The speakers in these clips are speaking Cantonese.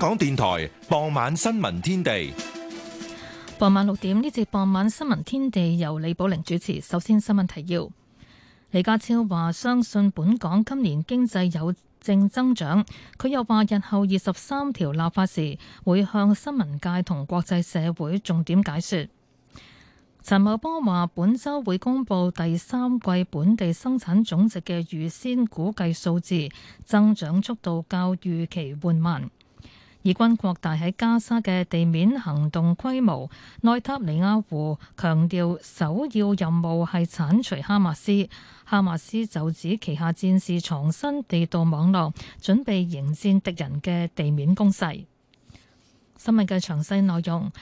香港電台傍晚新聞天地。傍晚六點呢節傍晚新聞天地由李寶玲主持。首先，新聞提要：李家超話相信本港今年經濟有正增長。佢又話日後二十三條立法時會向新聞界同國際社會重點解說。陳茂波話，本週會公布第三季本地生產總值嘅預先估計數字，增長速度較預期緩慢。以軍擴大喺加沙嘅地面行動規模，內塔尼亞胡強調首要任務係剷除哈馬斯。哈馬斯就指旗下戰士藏身地道網絡，準備迎戰敵人嘅地面攻勢。新聞嘅詳細內容。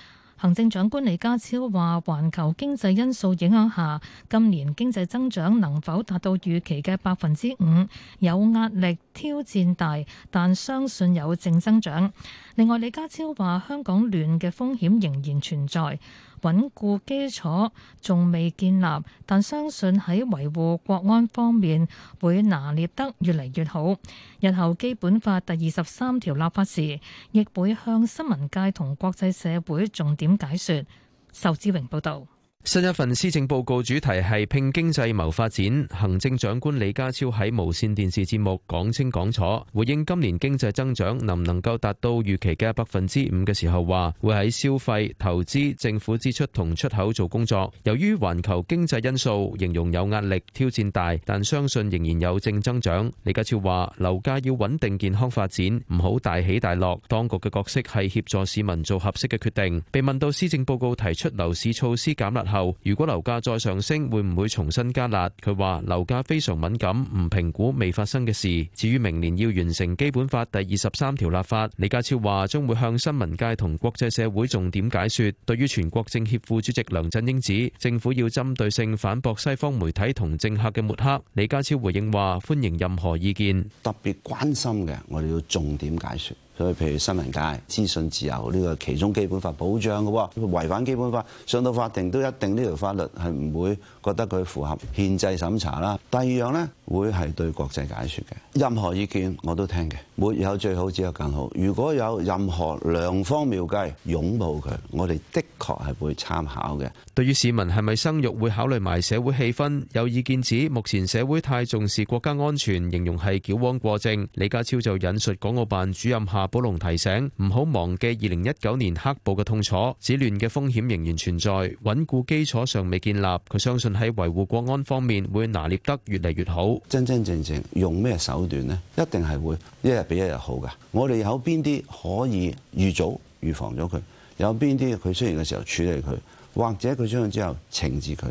行政長官李家超話，環球經濟因素影響下，今年經濟增長能否達到預期嘅百分之五，有壓力挑戰大，但相信有正增長。另外，李家超話，香港亂嘅風險仍然存在。穩固基礎仲未建立，但相信喺維護國安方面會拿捏得越嚟越好。日後基本法第二十三條立法時，亦會向新聞界同國際社會重點解說。仇志榮報導。新一份施政報告，主題係拼經濟謀發展。行政長官李家超喺無綫電視節目講清講楚，回應今年經濟增長能唔能夠達到預期嘅百分之五嘅時候，話會喺消費、投資、政府支出同出口做工作。由於環球經濟因素，形容有壓力、挑戰大，但相信仍然有正增長。李家超話，樓價要穩定健康發展，唔好大起大落。當局嘅角色係協助市民做合適嘅決定。被問到施政報告提出樓市措施減壓。後，如果樓價再上升，會唔會重新加辣？佢話樓價非常敏感，唔評估未發生嘅事。至於明年要完成基本法第二十三條立法，李家超話將會向新聞界同國際社會重點解說。對於全國政協副主席梁振英指政府要針對性反駁西方媒體同政客嘅抹黑，李家超回應話歡迎任何意見，特別關心嘅我哋要重點解說。所以，譬如新聞界資訊自由呢個其中基本法保障嘅喎。違反基本法上到法庭都一定呢條法律係唔會覺得佢符合憲制審查啦。第二樣咧，會，係對國際解說嘅，任何意見我都聽嘅，沒有最好，只有更好。如果有任何良方妙計，擁抱佢，我哋的確，係會參考嘅。對於市民係咪生育會考慮埋社會氣氛？有意見指目前社會太重視國家安全，形容係矯枉過正。李家超就引述港澳辦主任夏寶龍提醒：唔好忘記二零一九年黑暴嘅痛楚，指亂嘅風險仍然存在，穩固基礎尚未建立。佢相信喺維護國安方面會拿捏得越嚟越好。真真正正用咩手段呢？一定係會一日比一日好㗎。我哋有邊啲可以預早預防咗佢？有邊啲佢出現嘅時候處理佢？或者佢出去之後懲治佢，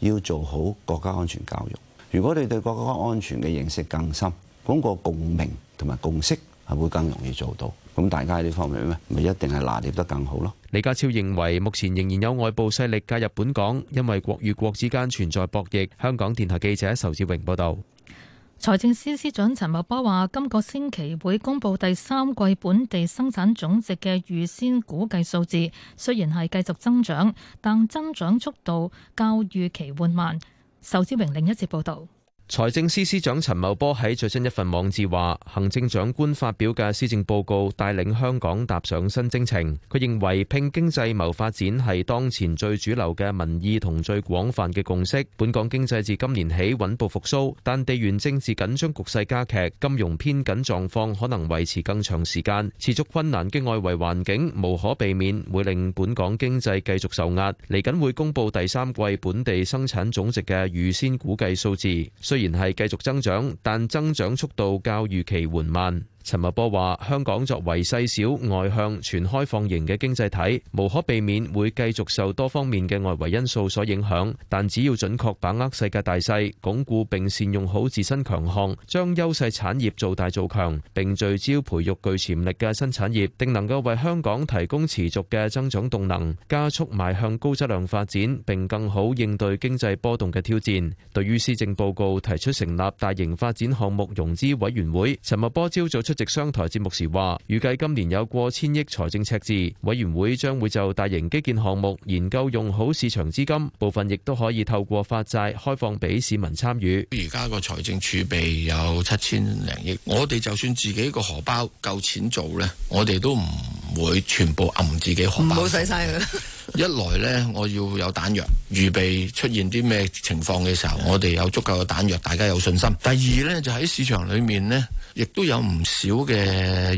要做好國家安全教育。如果你對國家安全嘅認識更深，咁個共鳴同埋共識係會更容易做到。咁大家喺呢方面咧，咪一定係拿捏得更好咯。李家超認為，目前仍然有外部勢力介入本港，因為國與國之間存在博弈。香港電台記者仇志榮報導。財政司司長陳茂波話，今個星期會公布第三季本地生產總值嘅預先估計數字，雖然係繼續增長，但增長速度較預期緩慢。仇志榮另一節報道。財政司司長陳茂波喺最新一份網誌話，行政長官發表嘅施政報告帶領香港踏上新征程。佢認為，拼經濟謀發展係當前最主流嘅民意同最廣泛嘅共識。本港經濟自今年起穩步復甦，但地緣政治緊張局勢加劇，金融偏緊狀況可能維持更長時間。持續困難嘅外圍環境無可避免會令本港經濟繼續受壓。嚟緊會公佈第三季本地生產總值嘅預先估計數字。雖仍然係繼續增長，但增長速度較預期緩慢。陳茂波話：香港作為細小、外向、全開放型嘅經濟體，無可避免會繼續受多方面嘅外圍因素所影響。但只要準確把握世界大勢，鞏固並善用好自身強項，將優勢產業做大做強，並聚焦培育具潛力嘅新產業，定能夠為香港提供持續嘅增長動能，加速邁向高質量發展，並更好應對經濟波動嘅挑戰。對於施政報告提出成立大型發展項目融資委員會，陳茂波朝早做出。出席商台節目時話，預計今年有過千億財政赤字，委員會將會就大型基建項目研究用好市場資金，部分亦都可以透過發債開放俾市民參與。而家個財政儲備有七千零億，我哋就算自己個荷包夠錢做咧，我哋都唔會全部揞自己荷包， 一來呢，我要有彈藥，預備出現啲咩情況嘅時候，我哋有足夠嘅彈藥，大家有信心。第二呢，就喺市場裏面呢，亦都有唔少嘅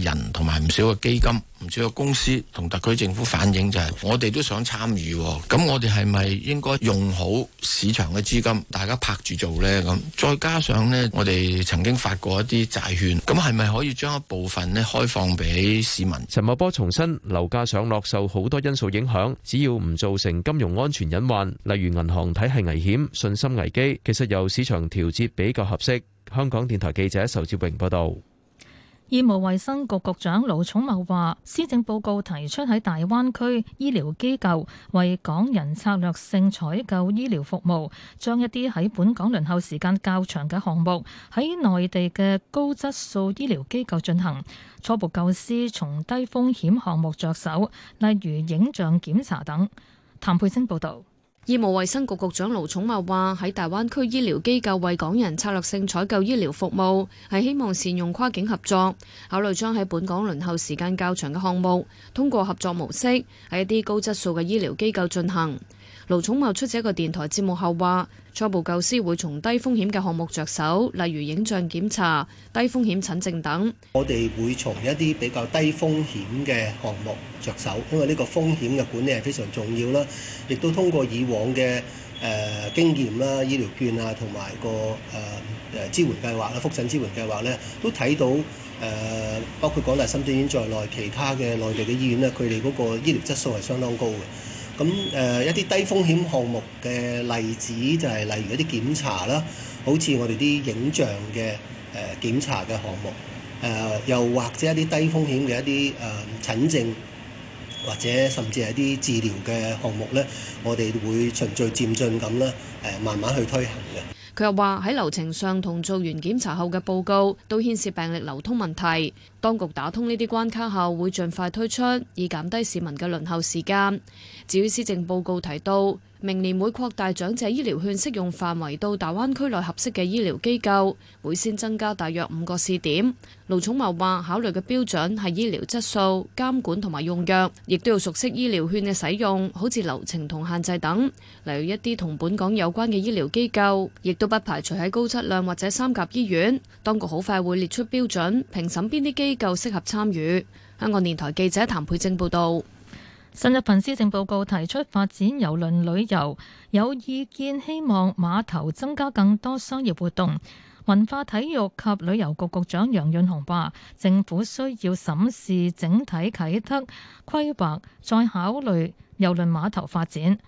人同埋唔少嘅基金。唔少公司同特區政府反映就係，我哋都想參與，咁我哋係咪應該用好市場嘅資金，大家拍住做呢？咁再加上呢，我哋曾經發過一啲債券，咁係咪可以將一部分呢開放俾市民？陳茂波重申，樓價上落受好多因素影響，只要唔造成金融安全隱患，例如銀行體系危險、信心危機，其實由市場調節比較合適。香港電台記者仇志榮報道。醫務衛生局局長盧寵茂話，施政報告提出喺大灣區醫療機構為港人策略性採購醫療服務，將一啲喺本港輪候時間較長嘅項目喺內地嘅高質素醫療機構進行，初步構思，從低風險項目着手，例如影像檢查等。譚佩清報道。醫務衛生局局長盧寵茂話：喺大灣區醫療機構為港人策略性採購醫療服務，係希望善用跨境合作，考慮將喺本港輪候時間較長嘅項目，通過合作模式，喺一啲高質素嘅醫療機構進行。盧寵茂出席一個電台節目後話：初步構思會從低風險嘅項目着手，例如影像檢查、低風險診症等。我哋會從一啲比較低風險嘅項目着手，因為呢個風險嘅管理係非常重要啦。亦都通過以往嘅誒、呃、經驗啦、醫療券啊同埋個誒誒、呃、支援計劃啦、覆診支援計劃咧，都睇到誒、呃、包括港大深圳醫院在內其他嘅內地嘅醫院咧，佢哋嗰個醫療質素係相當高嘅。咁誒一啲低風險項目嘅例子就係例如一啲檢查啦，好似我哋啲影像嘅誒、呃、檢查嘅項目，誒、呃、又或者一啲低風險嘅一啲誒、呃、診症，或者甚至係啲治療嘅項目咧，我哋會循序漸進咁咧，誒、呃、慢慢去推行嘅。佢又話：喺流程上同做完檢查後嘅報告都牽涉病歷流通問題，當局打通呢啲關卡後，會盡快推出，以減低市民嘅輪候時間。至於施政報告提到：明年會擴大長者醫療券適用範圍到大灣區內合適嘅醫療機構，會先增加大約五個試點。盧寵茂話：考慮嘅標準係醫療質素、監管同埋用藥，亦都要熟悉醫療券嘅使用，好似流程同限制等。例如一啲同本港有關嘅醫療機構，亦都不排除喺高質量或者三甲醫院。當局好快會列出標準，評審邊啲機構適合參與。香港電台記者譚佩正報導。新一份施政報告提出發展郵輪旅遊，有意見，希望碼頭增加更多商業活動。文化、體育及旅遊局局長楊潤雄話，政府需要審視整體啟德規劃，再考慮郵輪碼頭發展。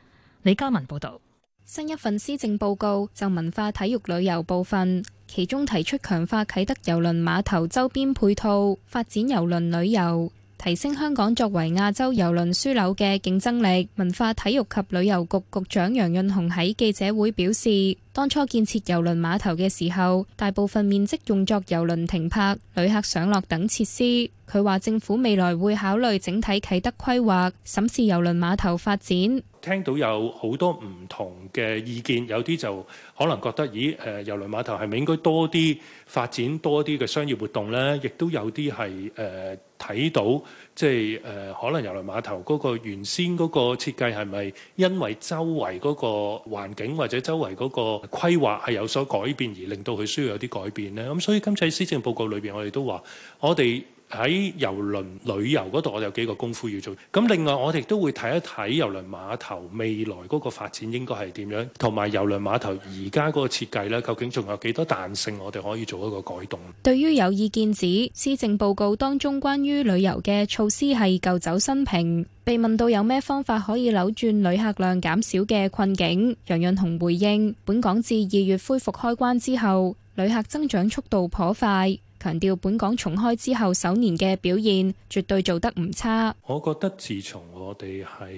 李嘉文報道。新一份施政報告就文化、體育、旅遊部分，其中提出強化啟德郵輪碼頭周邊配套，發展郵輪旅遊，提升香港作為亞洲郵輪樞紐嘅競爭力，文化、體育及旅遊局局長楊潤雄喺記者會表示，當初建設郵輪碼頭嘅時候，大部分面積用作郵輪停泊、旅客上落等設施。佢話政府未來會考慮整體啟德規劃審視郵輪碼頭發展。聽到有好多唔同嘅意見，有啲就可能覺得，咦？誒，郵輪碼頭係咪應該多啲發展多啲嘅商業活動咧？亦都有啲係誒睇到，即係誒、呃、可能郵輪碼頭嗰個原先嗰個設計係咪因為周圍嗰個環境或者周圍嗰個規劃係有所改變，而令到佢需要有啲改變咧？咁、嗯、所以今次喺施政報告裏邊，我哋都話我哋。喺郵輪旅遊嗰度，我哋有幾個功夫要做。咁另外，我哋都會睇一睇郵輪碼頭未來嗰個發展應該係點樣，同埋郵輪碼頭而家嗰個設計咧，究竟仲有幾多彈性，我哋可以做一個改動。對於有意見指施政報告當中關於旅遊嘅措施係舊酒新瓶，被問到有咩方法可以扭轉旅客量減少嘅困境，楊潤雄回應：本港自二月恢復開關之後，旅客增長速度頗快。強調本港重開之後首年嘅表現絕對做得唔差。我覺得自從我哋喺二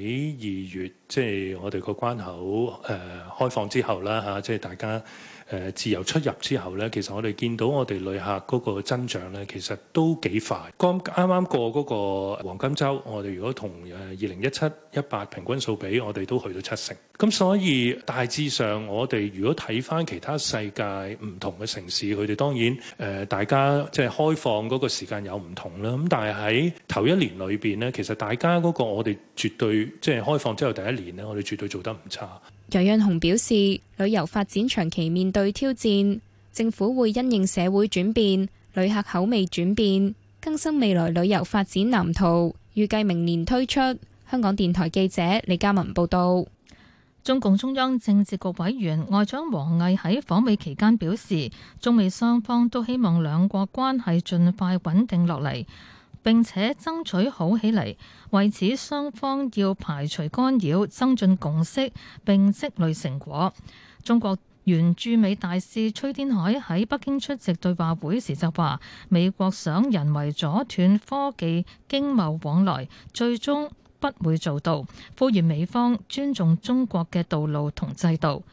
月，即係、就是、我哋個關口誒、呃、開放之後啦吓，即、啊、係、就是、大家。誒自由出入之後呢，其實我哋見到我哋旅客嗰個增長呢，其實都幾快。剛啱啱過嗰個黃金週，我哋如果同誒二零一七一八平均數比，我哋都去到七成。咁所以大致上，我哋如果睇返其他世界唔同嘅城市，佢哋當然誒、呃、大家即係開放嗰個時間有唔同啦。咁但係喺頭一年裏邊呢，其實大家嗰個我哋絕對即係、就是、開放之後第一年呢，我哋絕對做得唔差。楊潤雄表示，旅遊發展長期面對挑戰，政府會因應社會轉變、旅客口味轉變，更新未來旅遊發展藍圖。預計明年推出。香港電台記者李嘉文報道。中共中央政治局委員外長王毅喺訪美期間表示，中美雙方都希望兩國關係盡快穩定落嚟。並且爭取好起嚟，為此雙方要排除干擾，增進共識並積累成果。中國原駐美大使崔天凱喺北京出席對話會時就話：美國想人為阻斷科技經貿往來，最終不會做到，呼籲美方尊重中國嘅道路同制度。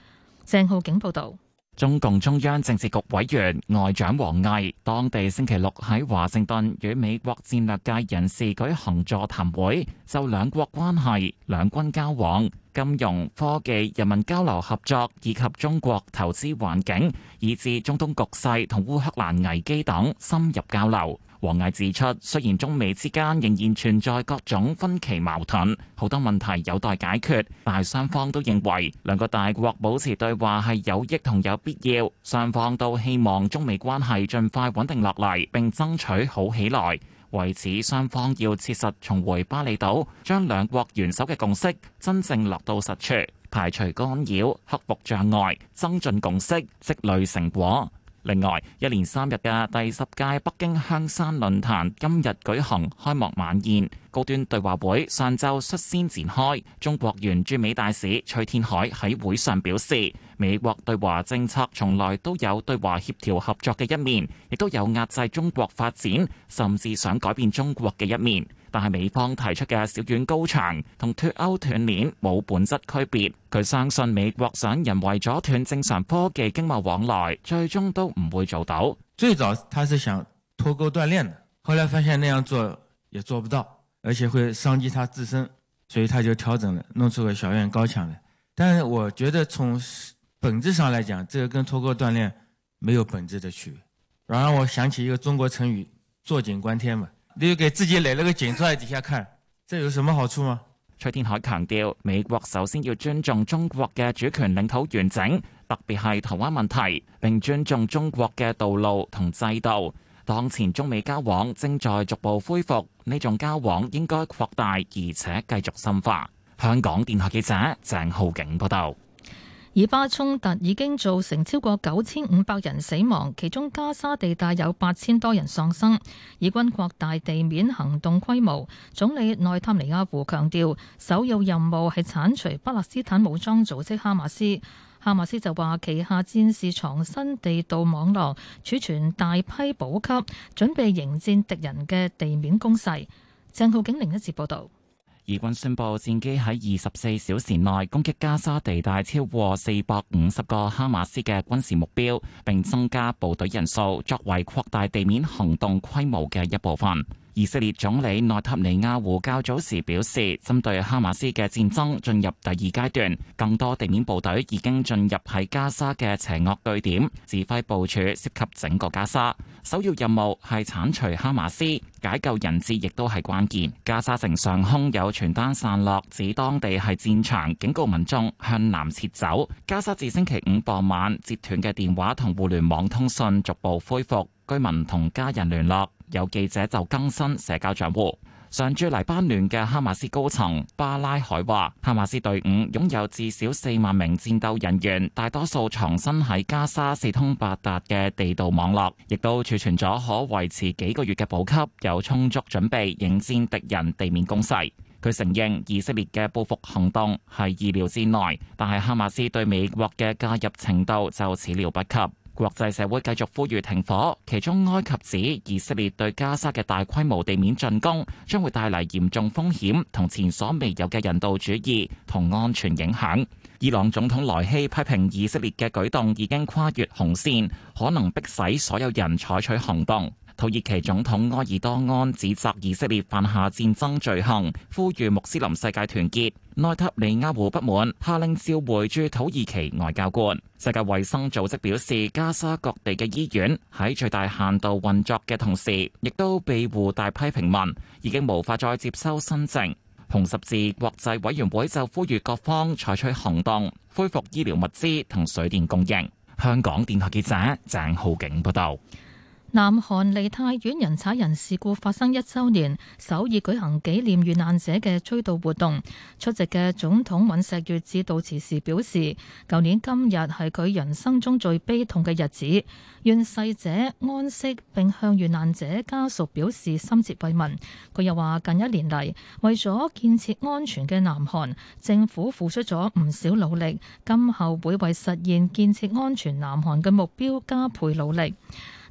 鄭浩景報道。中共中央政治局委員外長王毅，當地星期六喺華盛頓與美國戰略界人士舉行座談會，就兩國關係、兩軍交往、金融、科技、人民交流合作以及中國投資環境，以至中東局勢同烏克蘭危機等深入交流。王毅指出，雖然中美之間仍然存在各種分歧矛盾，好多問題有待解決，但係雙方都認為兩個大國保持對話係有益同有必要。雙方都希望中美關係盡快穩定落嚟並爭取好起來。為此，雙方要切實重回巴厘島，將兩國元首嘅共識真正落到實處，排除干擾，克服障礙，增進共識，積累成果。另外，一連三日嘅第十屆北京香山論壇今日舉行開幕晚宴，高端對話會上晝率先展開。中國原駐美大使崔天凱喺會上表示，美國對華政策從來都有對華協調合作嘅一面，亦都有壓制中國發展，甚至想改變中國嘅一面。但係美方提出嘅小院高牆同脱鈎斷鏈冇本質區別。佢相信美國想人為咗斷正常科技經貿往來，最終都唔會做到。最早他是想脱鈎斷鏈的，後來發現那樣做也做不到，而且會傷及他自身，所以他就調整了，弄出個小院高牆來。但係我覺得從本質上來講，這個跟脱鈎斷鏈沒有本質的區別。然後我想起一個中國成語，坐井觀天嘛。你又給自己壘了個井，坐在底下看，這有什麼好處嗎？崔天凱強調，美國首先要尊重中國嘅主權領土完整，特別係台灣問題，並尊重中國嘅道路同制度。當前中美交往正在逐步恢復，呢種交往應該擴大而且繼續深化。香港電台記者鄭浩景報道。以巴衝突已經造成超過九千五百人死亡，其中加沙地帶有八千多人喪生。以軍擴大地面行動規模，總理內塔尼亞胡強調首要任務係剷除巴勒斯坦武裝組織哈馬斯。哈馬斯就話旗下戰士藏身地道網絡，儲存大批補給，準備迎戰敵人嘅地面攻勢。鄭浩景另一次報道。以軍宣布戰機喺二十四小時內攻擊加沙地帶超過四百五十個哈馬斯嘅軍事目標，並增加部隊人數，作為擴大地面行動規模嘅一部分。以色列總理內塔尼亞胡較早時表示，針對哈馬斯嘅戰爭進入第二階段，更多地面部隊已經進入喺加沙嘅邪惡據點，指揮部署涉及整個加沙。首要任務係鏟除哈馬斯，解救人質亦都係關鍵。加沙城上空有傳單散落，指當地係戰場，警告民眾向南撤走。加沙自星期五傍晚，截斷嘅電話同互聯網通訊逐步恢復，居民同家人聯絡。有記者就更新社交賬戶。常駐黎巴嫩嘅哈馬斯高層巴拉海話：哈馬斯隊伍擁有至少四萬名戰鬥人員，大多數藏身喺加沙四通八達嘅地道網絡，亦都儲存咗可維持幾個月嘅補給，有充足準備迎戰敵人地面攻勢。佢承認以色列嘅報復行動係意料之內，但係哈馬斯對美國嘅介入程度就始料不及。國際社會繼續呼籲停火，其中埃及指以色列對加沙嘅大規模地面進攻將會帶嚟嚴重風險同前所未有嘅人道主義同安全影響。伊朗總統萊希批評以色列嘅舉動已經跨越紅線，可能迫使所有人採取行動。土耳其總統埃爾多安指責以色列犯下戰爭罪行，呼籲穆斯林世界團結。內塔尼亞胡不滿，下令召回駐土耳其外交官。世界衛生組織表示，加沙各地嘅醫院喺最大限度運作嘅同時，亦都庇護大批平民，已經無法再接收新症。紅十字國際委員會就呼籲各方採取行動，恢復醫療物資同水電供應。香港電台記者鄭浩景報道。南韓梨泰院人踩人事故發生一週年，首爾舉行紀念遇難者嘅追悼活動。出席嘅總統尹錫悅致悼詞時表示，舊年今日係佢人生中最悲痛嘅日子，願逝者安息。並向遇難者家屬表示深切慰問。佢又話：近一年嚟為咗建設安全嘅南韓，政府付出咗唔少努力，今後會為實現建設安全南韓嘅目標加倍努力。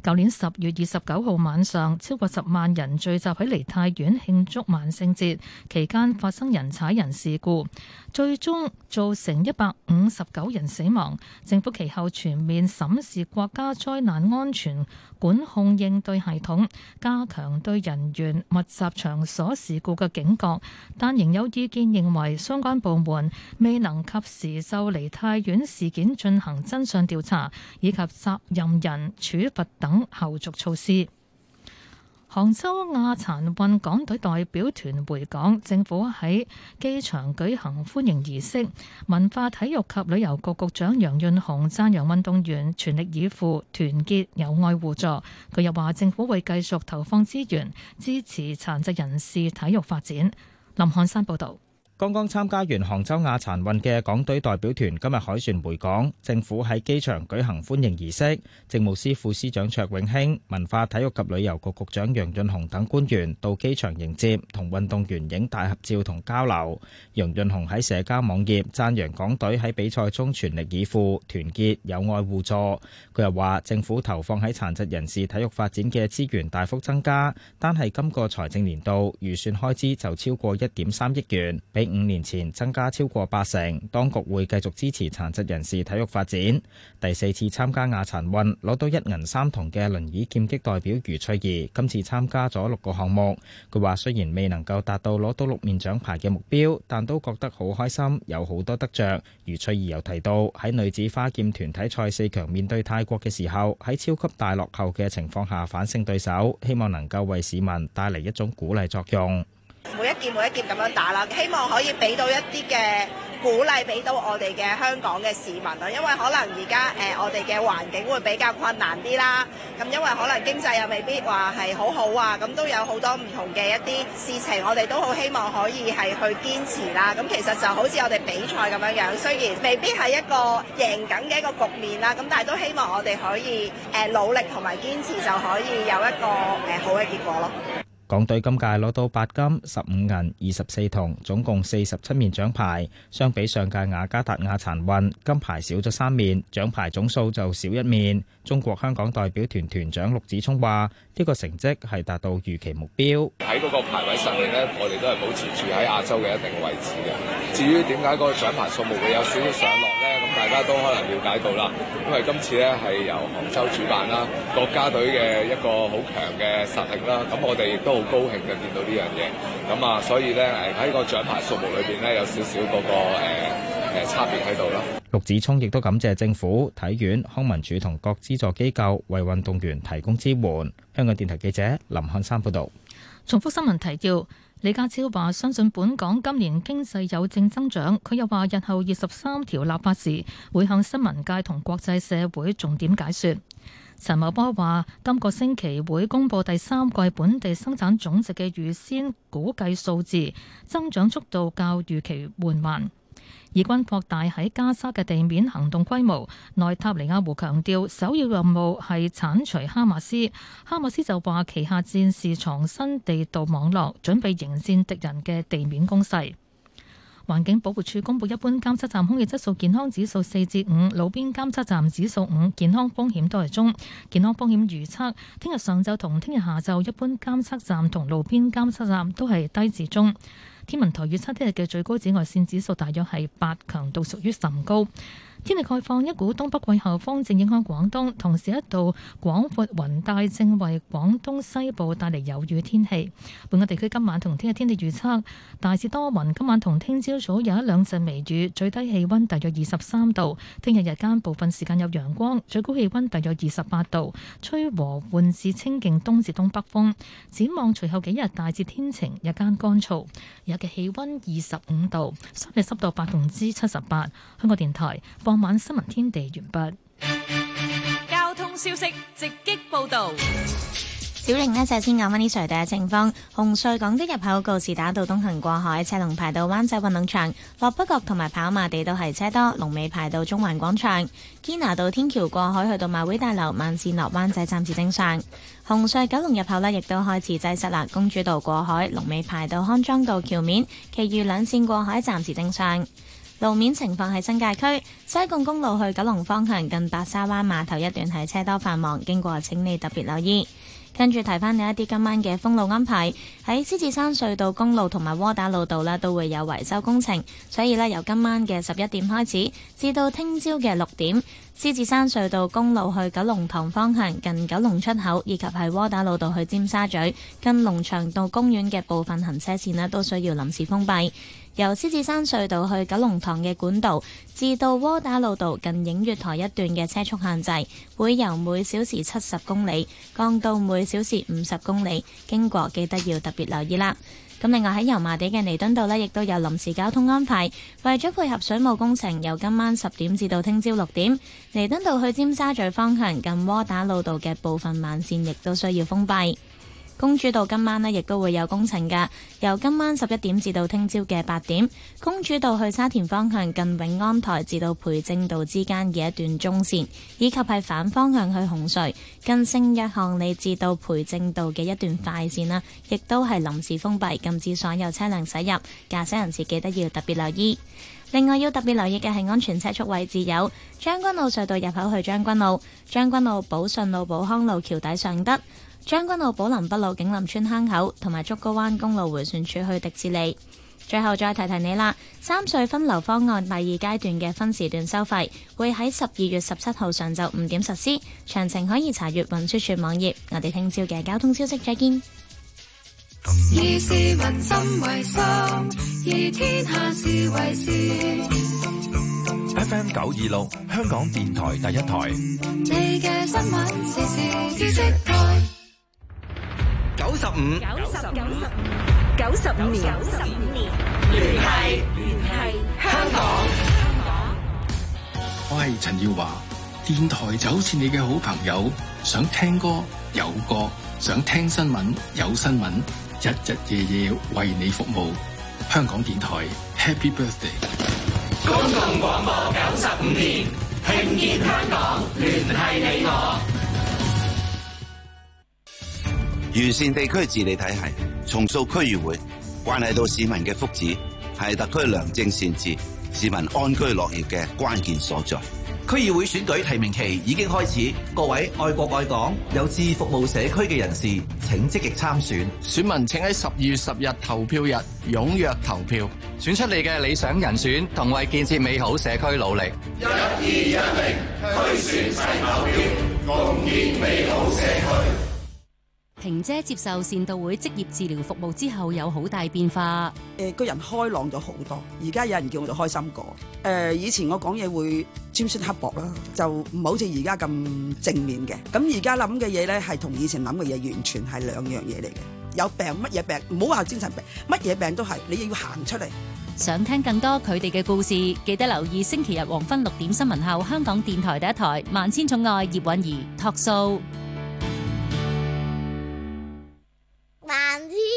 舊年十月二十九號晚上，超過十萬人聚集喺梨泰院慶祝萬聖節，期間發生人踩人事故，最終造成一百五十九人死亡。政府其後全面審視國家災難安全管控應對系統，加強對人員密集場所事故嘅警覺，但仍有意見認為相關部門未能及時就梨泰院事件進行真相調查以及責任人處罰等。後續措施。杭州亞殘運港隊代表團回港，政府喺機場舉行歡迎儀式。文化體育及旅遊局局長楊潤雄讚揚運動員全力以赴、團結友愛互助。佢又話，政府會繼續投放資源支持殘疾人士體育發展。林漢山報道。剛剛參加完杭州亞殘運嘅港隊代表團今日凱旋回港，政府喺機場舉行歡迎儀式。政務司副司長卓永興、文化體育及旅遊局局長楊潤雄等官員到機場迎接，同運動員影大合照同交流。楊潤雄喺社交網頁讚揚港隊喺比賽中全力以赴、團結友愛互助。佢又話，政府投放喺殘疾人士體育發展嘅資源大幅增加，單係今個財政年度預算開支就超過一點三億元。比五年前增加超過八成，當局會繼續支持殘疾人士體育發展。第四次參加亞殘運攞到一銀三銅嘅輪椅劍擊代表余翠怡，今次參加咗六個項目。佢話雖然未能夠達到攞到六面獎牌嘅目標，但都覺得好開心，有好多得着。余翠怡又提到喺女子花劍團體賽四強面對泰國嘅時候，喺超級大落後嘅情況下反勝對手，希望能夠為市民帶嚟一種鼓勵作用。每一件、每一件咁樣打啦，希望可以俾到一啲嘅鼓勵，俾到我哋嘅香港嘅市民啦。因為可能而家誒我哋嘅環境會比較困難啲啦，咁因為可能經濟又未必話係好好啊，咁都有好多唔同嘅一啲事情，我哋都好希望可以係去堅持啦。咁其實就好似我哋比賽咁樣樣，雖然未必係一個贏緊嘅一個局面啦，咁但係都希望我哋可以誒努力同埋堅持，就可以有一個誒好嘅結果咯。港隊今屆攞到八金、十五銀、二十四銅，總共四十七面獎牌，相比上屆雅加達亞殘運，金牌少咗三面，獎牌總數就少一面。中國香港代表團團長陸子聰話：呢個成績係達到預期目標。喺個排位上面咧，我哋都係保持住喺亞洲嘅一定位置嘅。至於點解個獎牌數目會有少少上落咧？大家都可能了解到啦，因為今次呢，係由杭州主辦啦，國家隊嘅一個好強嘅實力啦，咁我哋亦都好高興嘅見到呢樣嘢，咁啊，所以呢，喺個獎牌數目裏邊呢，有少少嗰個，呃，差別喺度啦。陸子聰亦都感謝政府、體院、康文署同各資助機構，為運動員提供支援，香港電台記者林漢山報道。重複新聞提要，李家超話：相信本港今年經濟有正增長。佢又話：日後二十三條立法時，會向新聞界同國際社會重點解說。陳茂波話：今個星期會公布第三季本地生產總值嘅預先估計數字，增長速度較預期緩慢。以軍擴大喺加沙嘅地面行動規模，內塔尼亞胡強調首要任務係剷除哈馬斯。哈馬斯就話旗下戰士藏身地道網絡，準備迎戰敵人嘅地面攻勢。環境保護署公布一般監測站空氣質素健康指數四至五，路邊監測站指數五，健康風險都係中。健康風險預測，聽日上晝同聽日下晝一般監測站同路邊監測站都係低至中。天文台預測聽日嘅最高紫外線指數大約係八，強度屬於甚高。天氣概況：一股東北季候風正影響廣東，同時一道廣闊雲帶正為廣東西部帶嚟有雨天氣。本港地區今晚同聽日天氣預測大致多雲，今晚同聽朝早有一兩陣微雨，最低氣溫大約二十三度。聽日日間部分時間有陽光，最高氣溫大約二十八度，吹和緩至清勁東至東北風。展望隨後幾日大致天晴，日間乾燥，日嘅氣溫二十五度，相對濕度百分之七十八。香港電台。傍晚新聞天地完畢。交通消息直擊報道。小玲呢，就先講翻呢條第一情況。紅隧港島入口告士打道東行過海車龍排到灣仔運動場，落北角同埋跑馬地都係車多，龍尾排到中環廣場。堅拿道天橋過海去到馬會大樓，慢線落灣仔暫時正常。紅隧九龍入口呢，亦都開始擠塞啦，公主道過海龍尾排到康莊道橋面，其餘兩線過海暫時正常。路面情況喺新界區西貢公路去九龍方向近白沙灣碼頭一段係車多繁忙，經過請你特別留意。跟住提翻你一啲今晚嘅封路安排，喺獅子山隧道公路同埋窩打老道呢，都會有維修工程，所以呢，由今晚嘅十一點開始至到聽朝嘅六點，獅子山隧道公路去九龍塘方向近九龍出口，以及係窩打老道去尖沙咀、近龍翔道公園嘅部分行車線呢，都需要臨時封閉。由獅子山隧道去九龍塘嘅管道，至到窩打路道近映月台一段嘅車速限制，會由每小時七十公里降到每小時五十公里。經過記得要特別留意啦。咁另外喺油麻地嘅彌敦道呢，亦都有臨時交通安排。為咗配合水務工程，由今晚十點至到聽朝六點，彌敦道去尖沙咀方向近窩打路道嘅部分慢線，亦都需要封閉。公主道今晚呢亦都會有工程嘅，由今晚十一點至到聽朝嘅八點，公主道去沙田方向近永安台至到培正道之間嘅一段中線，以及係反方向去紅隧近升一航利至到培正道嘅一段快線啦，亦都係臨時封閉，禁止所有車輛駛入，駕駛人士記得要特別留意。另外要特別留意嘅係安全車速，位置有將軍澳隧道入口去將軍澳、將軍澳寶順路、寶康路橋底尚德。將軍澳寶林北路景林村坑口，同埋竹篙灣公路迴旋處去迪士尼。最後再提提你啦，三隧分流方案第二階段嘅分時段收費，會喺十二月十七號上晝五點實施。詳情可以查閱運輸署網頁。我哋聽朝嘅交通消息再見。以天下事為事，香港電台第一台。九十五，九十五，九十五年，聯繫聯繫香港。我係陳耀華，電台就好似你嘅好朋友，想聽歌有歌，想聽新聞有新聞，日日夜夜為你服務。香港電台，Happy Birthday！公共廣播九十五年，聽見香港，聯繫你我。完善地區治理體系，重塑區議會，關係到市民嘅福祉，係特區良政善治、市民安居樂業嘅關鍵所在。區議會選舉提名期已經開始，各位愛國愛港、有志服務社區嘅人士，請積極參選。選民請喺十二月十日投票日，踴躍投票，選出你嘅理想人選，同為建設美好社區努力。一二一零區選齊投票，共建美好社區。婷姐接受善道會職業治療服務之後有好大變化，誒個、呃、人開朗咗好多，而家有人叫我做開心果。誒、呃、以前我講嘢會尖酸刻薄啦，就唔好似而家咁正面嘅。咁而家諗嘅嘢咧，係同以前諗嘅嘢完全係兩樣嘢嚟嘅。有病乜嘢病，唔好話精神病，乜嘢病都係，你要行出嚟。想聽更多佢哋嘅故事，記得留意星期日黃昏六點新聞後，香港電台第一台《萬千寵愛葉蘊儀》托數。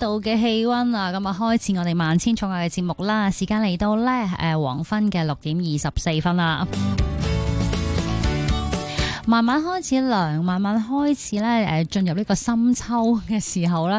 度嘅氣溫啊，咁啊開始我哋萬千寵愛嘅節目啦，時間嚟到咧，誒黃昏嘅六點二十四分啦，慢慢開始涼，慢慢開始咧，誒進入呢個深秋嘅時候啦。